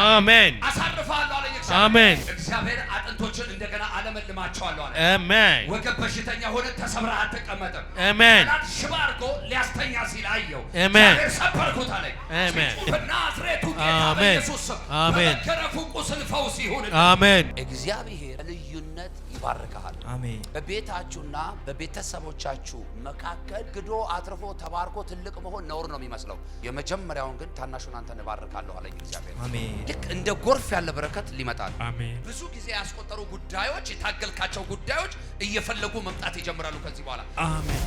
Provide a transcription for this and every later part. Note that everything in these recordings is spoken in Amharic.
አሜን። አሳርፋለሁ አለኝ እግዚአብሔር። እግዚአብሔር አጥንቶችን እንደገና አለመልማቸዋለሁ አለ። አሜን። ወገብ በሽተኛ ሆነ ተሰብራ አትቀመጥም። አሜን። ላት ሽባ አድርጎ ሊያስተኛ ሲል አየው። አሜን። ሰበርኩት አለኝ። አሜን። በናዝሬቱ ጌታ በኢየሱስ ስም በመገረፉ ቁስል ፈውስ ይሁን። አሜን። እግዚአብሔር ልዩነት ይባርካል። አሜን። በቤታችሁና በቤተሰቦቻችሁ መካከል ግዶ አትርፎ ተባርኮ ትልቅ መሆን ነውር ነው የሚመስለው። የመጀመሪያውን ግን ታናሹን አንተን እባርካለሁ አለኝ እግዚአብሔር። አሜን። ልክ እንደ ጎርፍ ያለ በረከት ሊመጣል። አሜን። ብዙ ጊዜ ያስቆጠሩ ጉዳዮች፣ የታገልካቸው ጉዳዮች እየፈለጉ መምጣት ይጀምራሉ ከዚህ በኋላ። አሜን።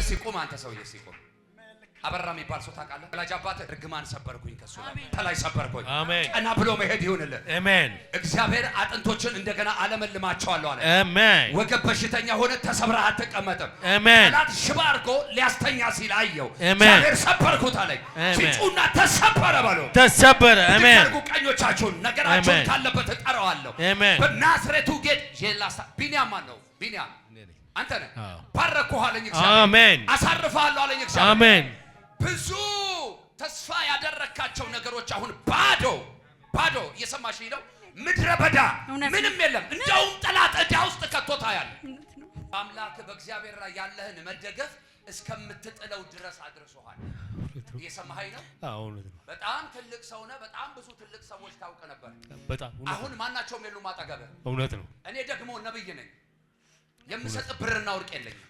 እስኪ ቁም አንተ ሰውዬ እስኪ ቁም አበራ የሚባል ሰው ታውቃለህ? ወላጅ አባት እርግማን ሰበርኩኝ፣ ከሱ ተላይ ሰበርኩኝ። አሜን። ቀና ብሎ መሄድ ይሁንልህ። አሜን። እግዚአብሔር አጥንቶችን እንደገና አለመልማቸዋለሁ አለ። አሜን። ወገብ በሽተኛ ሆነ ተሰብረህ አትቀመጥም። አሜን። ጠላት ሽባ አድርጎ ሊያስተኛ ሲል አየው። እግዚአብሔር ሰበርኩት አለኝ። ሲጩና ተሰበረ በሉ፣ ተሰበረ። አሜን። አድርጉ ቀኞቻችሁን፣ ነገራችሁን ካለበት እጠራዋለሁ። አሜን። በናዝሬቱ ጌት ጄላሳ ቢኒያም ነው ቢኒያም አንተ ነህ። ባረኩህ አለኝ እግዚአብሔር። አሜን። አሳርፈሃለሁ አለኝ እግዚአብሔር። አሜን። ብዙ ተስፋ ያደረካቸው ነገሮች አሁን ባዶ ባዶ። እየሰማሽኝ ነው? ምድረ በዳ ምንም የለም። እንደውም ጠላት ዕዳ ውስጥ ከቶታ ያለ አምላክ በእግዚአብሔር ላይ ያለህን መደገፍ እስከምትጥለው ድረስ አድርሶሃል። እየሰማኸኝ ነው? በጣም ትልቅ ሰው ነህ። በጣም ብዙ ትልቅ ሰዎች ታውቅ ነበር። አሁን ማናቸውም የሉም አጠገብህ። እውነት ነው። እኔ ደግሞ ነብይ ነኝ። የምሰጥ ብርና ወርቅ የለኝም።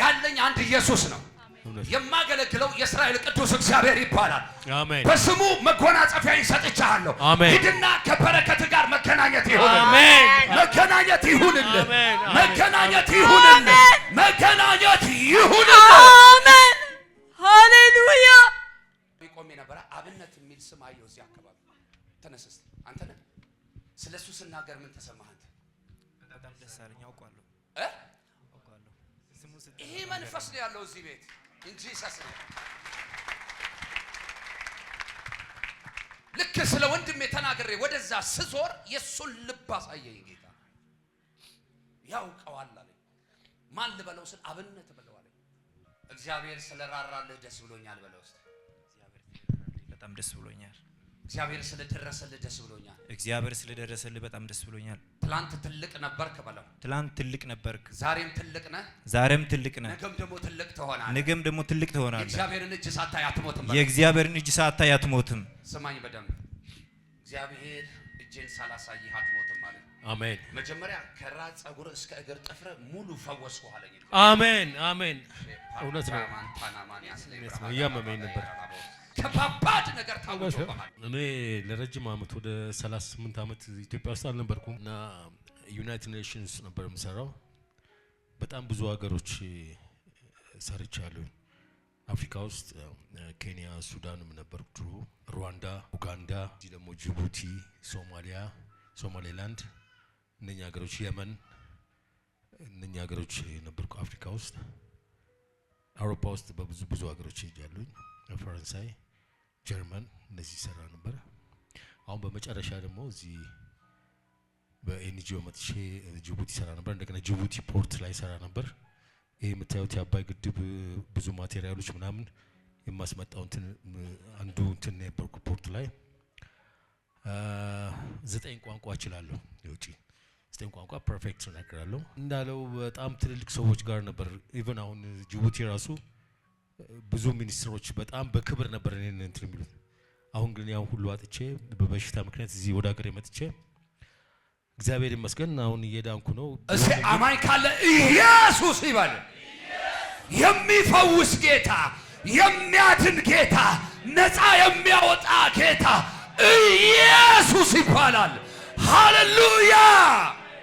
ያለኝ አንድ ኢየሱስ ነው። የማገለግለው የእስራኤል ቅዱስ እግዚአብሔር ይባላል። አሜን። በስሙ መጎናጸፊያ ሰጥቻለሁ። አሜን። ሂድና ከበረከት ጋር መገናኘት ይሁንልህ፣ መገናኘት ይሁንልህ፣ መገናኘት ይሁንልህ፣ መገናኘት ይሁን ስለ ወንድሜ ተናግሬ ወደዛ ስዞር የእሱን ልብ አሳየኝ ጌታ። ያውቀዋል አለኝ። ማን ልበለው ስል አብነት ብለው አለኝ። እግዚአብሔር ስለ ራራልህ ደስ ብሎኛል በለው በጣም ደስ ብሎኛል። እግዚአብሔር ስለደረሰልህ ደስ ብሎኛል። እግዚአብሔር ስለደረሰልህ በጣም ደስ ብሎኛል። ትላንት ትልቅ ነበርክ በለው። ትላንት ትልቅ ነበርክ፣ ዛሬም ትልቅ ነህ። ዛሬም ትልቅ ነህ፣ ነገም ደግሞ ትልቅ ትሆናለህ። ነገም ደግሞ ትልቅ ትሆናለህ። የእግዚአብሔርን እጅ ሳታይ አትሞትም። የእግዚአብሔርን እጅ ሳታይ አትሞትም። ስማኝ በደንብ እግዚአብሔር እጄን ሳላሳይህ አትሞትም አለ። አሜን። መጀመሪያ ከራስ ጸጉር እስከ እግር ጥፍር ሙሉ ፈወስኩ አለኝ። አሜን፣ አሜን። እውነት ነው። እያመመኝ ነበር። ከባባድ ነገር ታውጆባል። እኔ ለረጅም ዓመት ወደ 38 ዓመት ኢትዮጵያ ውስጥ አልነበርኩም እና ዩናይትድ ኔሽንስ ነበር የምሰራው። በጣም ብዙ ሀገሮች ሰርቻለሁ። አፍሪካ ውስጥ ኬንያ፣ ሱዳንም ነበር ድሮ፣ ሩዋንዳ፣ ኡጋንዳ፣ እዚህ ደግሞ ጅቡቲ፣ ሶማሊያ፣ ሶማሌላንድ እነኛ ሀገሮች የመን እነኛ ሀገሮች ነበርኩ አፍሪካ ውስጥ። አውሮፓ ውስጥ በብዙ ብዙ ሀገሮች ሄጃለሁኝ። ፈረንሳይ፣ ጀርመን እነዚህ ይሰራ ነበር። አሁን በመጨረሻ ደግሞ እዚህ በኤንጂኦ መጥቼ ጅቡቲ ይሰራ ነበር። እንደገና ጅቡቲ ፖርት ላይ ይሰራ ነበር። ይሄ የምታዩት የአባይ ግድብ ብዙ ማቴሪያሎች ምናምን የማስመጣው እንትን አንዱ እንትን ነበርኩ ፖርት ላይ ዘጠኝ ቋንቋ እችላለሁ። የውጭ ዘጠኝ ቋንቋ ፐርፌክት እናገራለሁ። እንዳለው በጣም ትልልቅ ሰዎች ጋር ነበር። ኢቨን አሁን ጅቡቲ ራሱ ብዙ ሚኒስትሮች በጣም በክብር ነበር እኔን እንትን የሚሉት። አሁን ግን ያው ሁሉ አጥቼ በበሽታ ምክንያት እዚህ ወደ ሀገር መጥቼ እግዚአብሔር ይመስገን አሁን እየዳንኩ ነው። እሺ አማኝ ካለ ኢየሱስ ይበል። የሚፈውስ ጌታ፣ የሚያድን ጌታ፣ ነፃ የሚያወጣ ጌታ ኢየሱስ ይባላል። ሃሌሉያ።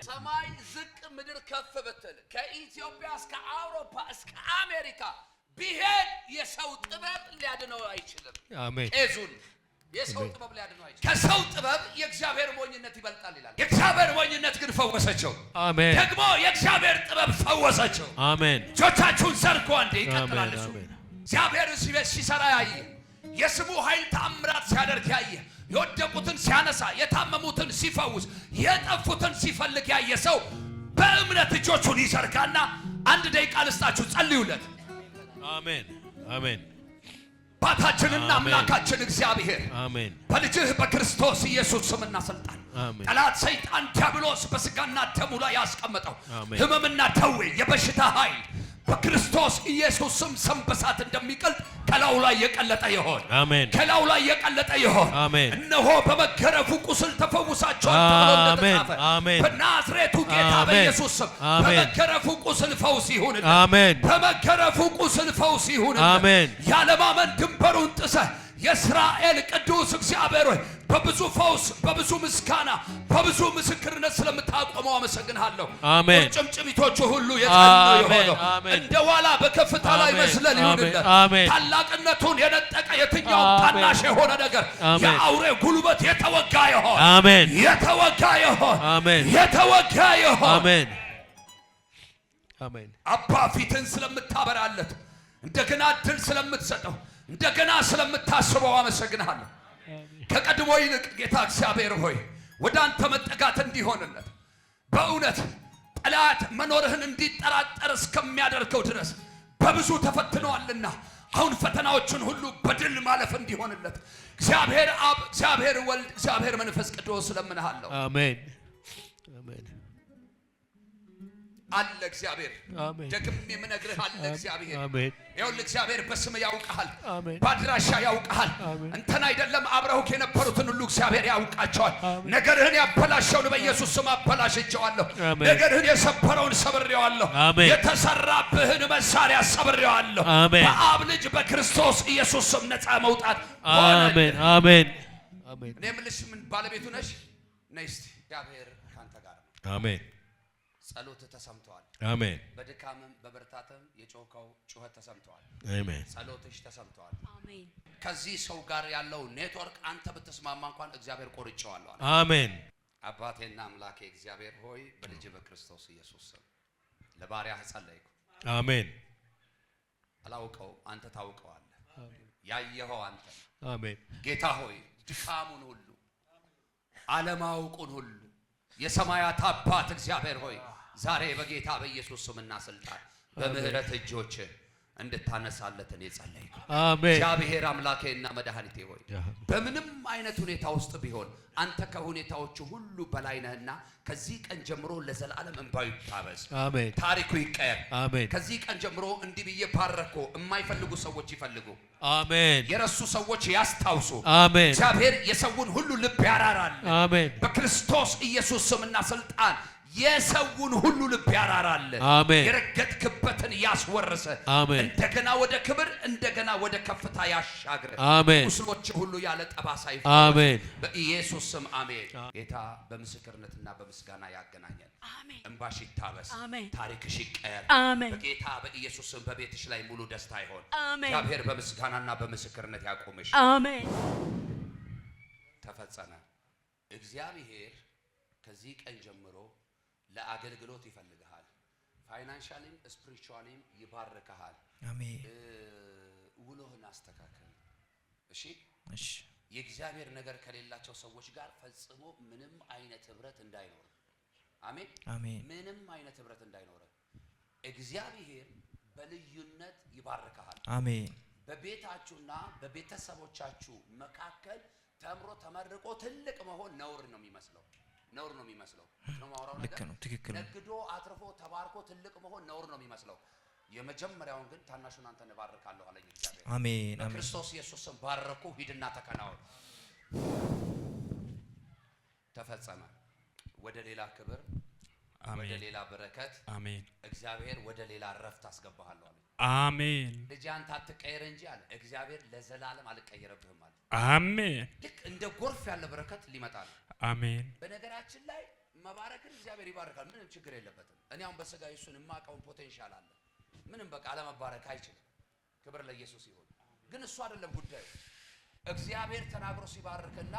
ሰማይ ዝቅ ምድር ከፍ ብትል ከኢትዮጵያ እስከ አውሮፓ እስከ አሜሪካ ቢሄድ የሰው ጥበብ ሊያድነው አይችልም። አሜን። ኤዙን የሰው ጥበብ ሊያድነው አይችልም። ከሰው ጥበብ የእግዚአብሔር ሞኝነት ይበልጣል ይላል። ፈወሰቸው። አሜን። ደግሞ የእግዚአብሔር ጥበብ ፈወሰቸው። አሜን። እጆቻችሁን ዘርጉ። አንዴ ይቀጥላል። እሱ እግዚአብሔር እዚህ ቤት ሲሰራ ያየ የስሙ ኃይል ተአምራት ሲያደርግ ያየ የወደቁትን ሲያነሳ የታመሙትን ሲፈውስ የጠፉትን ሲፈልግ ያየ ሰው በእምነት እጆቹን ይዘርጋና አንድ ደቂቃ ልስጣችሁ፣ ጸልዩለት። አሜን አሜን። አባታችንና አምላካችን እግዚአብሔር በልጅህ በክርስቶስ ኢየሱስ ስምና ስልጣን ጠላት ሰይጣን ዲያብሎስ በስጋና ደሙ ላይ ያስቀመጠው ህመምና ደዌ የበሽታ ኃይል በክርስቶስ ኢየሱስ ስም ሰንበሳት እንደሚቀልጥ ከላው ላይ የቀለጠ ይሆን። አሜን። ከላው ላይ የቀለጠ ይሆን። አሜን። እነሆ በመገረፉ ቁስል ተፈውሳችኋል ተብሎ አሜን። በናዝሬቱ ጌታ በኢየሱስ ስም በመገረፉ ቁስል ፈውስ ይሁን። አሜን። በመገረፉ ቁስል ፈውስ ይሁን። አሜን። ያለማመን ድንበሩን ጥሰህ የእስራኤል ቅዱስ እግዚአብሔር ሆይ በብዙ ፈውስ፣ በብዙ ምስጋና፣ በብዙ ምስክርነት ስለምታቆመው አመሰግንሃለሁ። አሜን። ጭምጭሚቶቹ ሁሉ የጠነው የሆነው እንደ ዋላ በከፍታ ላይ መዝለል ይሁንለት። ታላቅነቱን የነጠቀ የትኛው ታናሽ የሆነ ነገር የአውሬ ጉልበት የተወጋ ይሆን። አሜን። የተወጋ ይሆን። አሜን። የተወጋ ይሆን። አሜን። አሜን። አባ ፊትን ስለምታበራለት እንደገና ድል ስለምትሰጠው እንደገና ስለምታስበው አመሰግናለሁ ከቀድሞ ይልቅ ጌታ እግዚአብሔር ሆይ ወደ አንተ መጠጋት እንዲሆንለት በእውነት ጠላት መኖርህን እንዲጠራጠር እስከሚያደርገው ድረስ በብዙ ተፈትነዋልና አሁን ፈተናዎቹን ሁሉ በድል ማለፍ እንዲሆንለት እግዚአብሔር አብ፣ እግዚአብሔር ወልድ፣ እግዚአብሔር መንፈስ ቅዱስ እለምንሃለሁ። አሜን አሜን። አለ እግዚአብሔር። ደግሜ የምነግርህ አለ እግዚአብሔር። ይኸውልህ እግዚአብሔር በስም ያውቅሃል፣ በአድራሻ ያውቅሃል። እንተን አይደለም አብረውክ የነበሩትን ሁሉ እግዚአብሔር ያውቃቸዋል። ነገርህን ያበላሸውን በኢየሱስ ስም አበላሽቸዋለሁ። ነገርህን የሰበረውን ሰብሬዋለሁ። የተሰራብህን መሳሪያ ሰብሬዋለሁ። በአብ ልጅ በክርስቶስ ኢየሱስ ስም ነፃ መውጣት አሜን፣ አሜን፣ አሜን። እኔ የምልሽ ምን ባለቤቱ ነሽ ነስቲ እግዚአብሔር ካንተ ጋር አሜን ጸሎት ተሰምተዋል። አሜን። በድካምም በብርታትም የጮኸው ጩኸት ተሰምተዋል። አሜን። ጸሎትሽ ተሰምተዋል። አሜን። ከዚህ ሰው ጋር ያለው ኔትወርክ አንተ ብትስማማ እንኳን እግዚአብሔር ቆርጬዋለሁ። አሜን። አባቴና አምላኬ እግዚአብሔር ሆይ በልጅ በክርስቶስ ኢየሱስ ስም ለባሪያህ ጸለይኩ። አሜን። አላውቀው አንተ ታውቀዋለህ። ያየኸው አንተ። አሜን። ጌታ ሆይ ድካሙን ሁሉ አለማውቁን ሁሉ የሰማያት አባት እግዚአብሔር ሆይ ዛሬ በጌታ በኢየሱስ ስምና ስልጣን በምህረት እጆችህ እንድታነሳለት እኔ ጸለይኩ። አሜን። እግዚአብሔር እና መድኃኒቴ ሆይ በምንም አይነት ሁኔታ ውስጥ ቢሆን አንተ ከሁኔታዎቹ ሁሉ በላይ ነህና ከዚህ ቀን ጀምሮ ለዘላለም እንባው ይታበስ። አሜን። ታሪኩ ይቀየር። አሜን። ከዚህ ቀን ጀምሮ እንዲህ ብዬ ባረኮ የማይፈልጉ ሰዎች ይፈልጉ። አሜን። የረሱ ሰዎች ያስታውሱ። አሜን። እግዚአብሔር የሰውን ሁሉ ልብ ያራራል። አሜን። በክርስቶስ ኢየሱስ ስምና ስልጣን የሰውን ሁሉ ልብ ያራራል። አሜን። የረገጥክበትን ያስወርሰ። አሜን። እንደገና ወደ ክብር እንደገና ወደ ከፍታ ያሻግረ። አሜን። ቁስሎች ሁሉ ያለ ጠባሳ ይፈወስ። አሜን። በኢየሱስ ስም አሜን። ጌታ በምስክርነትና በምስጋና ያገናኛል። አሜን። እንባሽ ይታበስ። አሜን። ታሪክሽ ይቀየር። አሜን። በጌታ በኢየሱስ ስም በቤትሽ ላይ ሙሉ ደስታ ይሆን። አሜን። እግዚአብሔር በምስጋናና በምስክርነት ያቆምሽ። አሜን። ተፈጸመ። እግዚአብሔር ከዚህ ቀን ጀምሮ ለአገልግሎት ይፈልግሃል። ፋይናንሻሊም ስፕሪቹዋሊም ይባርክሃል። ውሎህን አስተካከል። እሺ፣ እሺ። የእግዚአብሔር ነገር ከሌላቸው ሰዎች ጋር ፈጽሞ ምንም አይነት ህብረት እንዳይኖር። አሜን፣ አሜን። ምንም አይነት ህብረት እንዳይኖር እግዚአብሔር በልዩነት ይባርካል። አሜን። በቤታችሁና በቤተሰቦቻችሁ መካከል ተምሮ ተመርቆ ትልቅ መሆን ነውር ነው የሚመስለው፣ ነውር ነው የሚመስለው። ልክ ነው፣ ትክክል ነው። ነግዶ አትርፎ ተባርኮ ትልቅ መሆን ነውር ነው የሚመስለው። የመጀመሪያውን ግን ታናሹን አንተ እባርካለሁ አለኝ እግዚአብሔር። አሜን። አሜን። ክርስቶስ ኢየሱስን ባረኩ። ሂድና ተከናወን። ተፈጸመ። ወደ ሌላ ክብር፣ ወደ ሌላ በረከት። አሜን። እግዚአብሔር ወደ ሌላ እረፍት አስገባሃለሁ አለ። አሜን። ልጄ አንተ አትቀየር እንጂ አለ እግዚአብሔር። ለዘላለም አልቀየረብህም አለ። አሜን። ልክ እንደ ጎርፍ ያለ በረከት ሊመጣል። አሜን። በነገራችን ላይ መባረክን እግዚአብሔር ይባርካል። ምንም ችግር የለበትም። እኔ አሁን በስጋ እሱን የማውቀውን ፖቴንሻል አለ። ምንም በቃ አለመባረክ አይችልም። ክብር ለኢየሱስ ይሁን። ግን እሱ አይደለም ጉዳዩ። እግዚአብሔር ተናግሮ ሲባርክና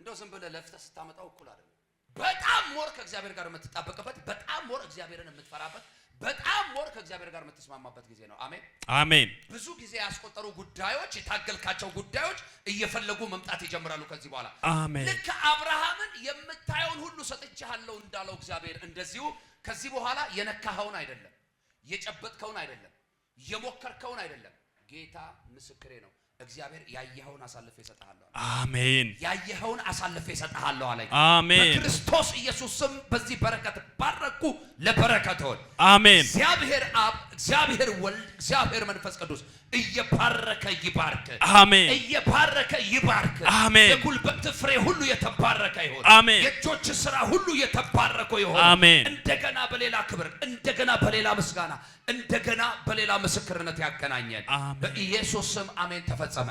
እንደው ዝም ብለህ ለፍተህ ስታመጣው እኩል አይደለም። በጣም ሞር ከእግዚአብሔር ጋር የምትጣበቅበት፣ በጣም ሞር እግዚአብሔርን የምትፈራበት በጣም ሞር ከእግዚአብሔር ጋር የምትስማማበት ጊዜ ነው። አሜን አሜን። ብዙ ጊዜ ያስቆጠሩ ጉዳዮች፣ የታገልካቸው ጉዳዮች እየፈለጉ መምጣት ይጀምራሉ ከዚህ በኋላ አሜን። ልክ አብርሃምን የምታየውን ሁሉ ሰጥቼሃለሁ እንዳለው እግዚአብሔር እንደዚሁ ከዚህ በኋላ የነካኸውን አይደለም፣ የጨበጥከውን አይደለም፣ የሞከርከውን አይደለም። ጌታ ምስክሬ ነው። እግዚአብሔር ያየኸውን አሳልፌ እሰጥሃለሁ። አሜን። ያየኸውን አሳልፌ አለኝ። አሜን። በክርስቶስ ኢየሱስ ስም በዚህ በረከት ባረኩ። ለበረከት ሆን። አሜን። እግዚአብሔር አብ እግዚአብሔር ወልድ እግዚአብሔር መንፈስ ቅዱስ እየባረከ ይባርክ። አሜን። እየባረከ ይባርክ። አሜን። የጉልበት ፍሬ ሁሉ የተባረከ ይሆን። አሜን። የእጆች ስራ ሁሉ የተባረከ ይሆን። አሜን። እንደገና በሌላ ክብር፣ እንደገና በሌላ ምስጋና፣ እንደገና በሌላ ምስክርነት ያገናኘን በኢየሱስ ስም አሜን። ተፈጸመ።